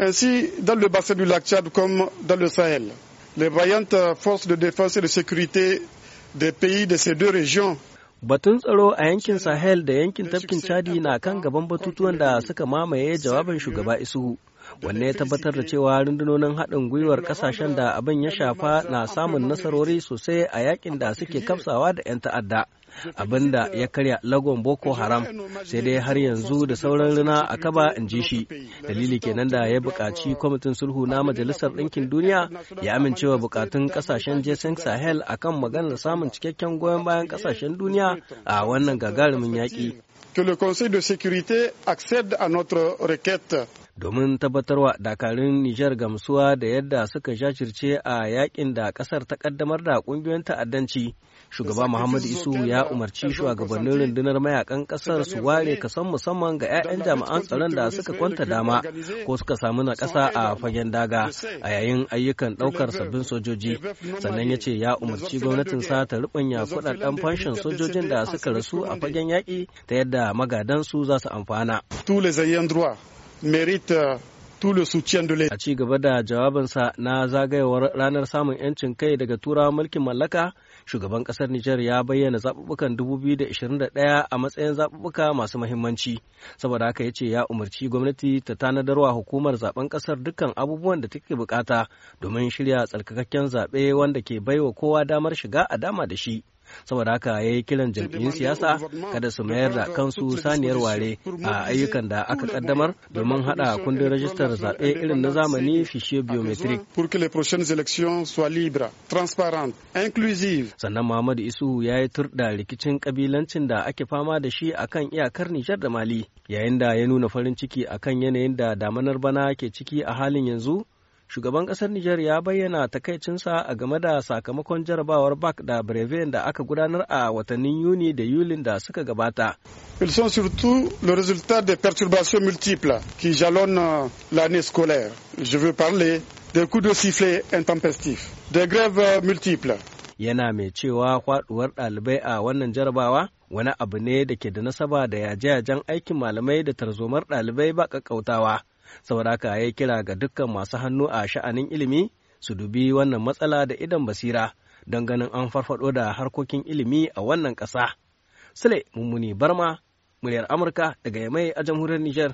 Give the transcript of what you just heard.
Ainsi, dans le bassin du lac Tchad comme dans le Sahel, les vaillantes forces de défense et de sécurité des pays de ces deux régions Batun tsaro a yankin Sahel da yankin tafkin Chadi na kan gaban batutuwan da suka mamaye jawabin shugaba Isuhu. wanne ya tabbatar da cewa rundunonin haɗin gwiwar ƙasashen da abin ya shafa na samun nasarori sosai a yakin da suke kafsawa da 'yan ta'adda abin da ya karya lagon boko haram sai dai har yanzu da sauran rina a kaba in ji shi dalili kenan da ya buƙaci kwamitin sulhu na majalisar ɗinkin duniya ya amincewa buƙatun ƙasashen jason sahel a kan maganar samun cikakken goyon bayan ƙasashen duniya a wannan gagarumin yaƙi que le Conseil de sécurité accède à notre requête domin tabbatarwa dakarun Nijar gamsuwa da yadda suka jajirce a yakin da ƙasar ta kaddamar da ƙungiyoyin ta'addanci. Shugaba Muhammadu Isu ya umarci shugabannin rundunar mayakan ƙasar su ware kasan musamman ga 'ya'yan jami'an tsaron da suka kwanta dama ko suka samu na ƙasa a fagen daga a yayin ayyukan ɗaukar sabbin sojoji. Sannan ya ce ya umarci gwamnatinsa ta ruɓanya kuɗaɗen fanshin sojojin da suka rasu a fagen yaƙi ta yadda magadansu za su amfana. merita tout le soutien de l'État. A ci gaba da jawabinsa na zagayewar ranar samun 'yancin kai daga turawa mulkin mallaka, shugaban ƙasar Nijar ya bayyana zaɓuɓɓukan 2021 a matsayin zaɓuɓɓuka masu mahimmanci. Saboda haka ya ce ya umarci gwamnati ta tanadarwa hukumar zaɓen ƙasar dukkan abubuwan da take bukata domin shirya tsarkakakken zaɓe wanda ke baiwa kowa damar shiga a dama da shi. saboda haka ya yi kiran jam'iyyun siyasa kada su mayar da kansu saniyar ware a ayyukan da aka kaddamar domin hada kundin rajistar zaɓe irin na zamani fishe biometric sannan muhammadu Isu ya yi turda rikicin kabilancin da ake fama da shi akan iyakar nijar da mali yayin da ya nuna farin ciki akan yanayin da damanar bana ke ciki a halin yanzu shugaban ƙasar Nijar ya bayyana takaicinsa a game da sakamakon jarabawar BAC da Breven da aka gudanar a watannin Yuni da Yulin da suka gabata. Ils sont surtout le résultat des perturbations multiples qui jalonnent euh, l'année scolaire. Je veux parler des coups de sifflet intempestifs, des grèves euh, multiples. Yana mai cewa kwaduwar ɗalibai a wannan jarabawa wani abu ne da ke da nasaba da yaje-yajen aikin malamai da tarzomar ɗalibai ba ƙaƙƙautawa. saboda haka ya kira ga dukkan masu hannu a sha'anin ilimi su dubi wannan matsala da idan basira don ganin an farfado da harkokin ilimi a wannan ƙasa. Sule Mummuni Barma, muryar Amurka daga Yamai a jamhuriyar Nijar.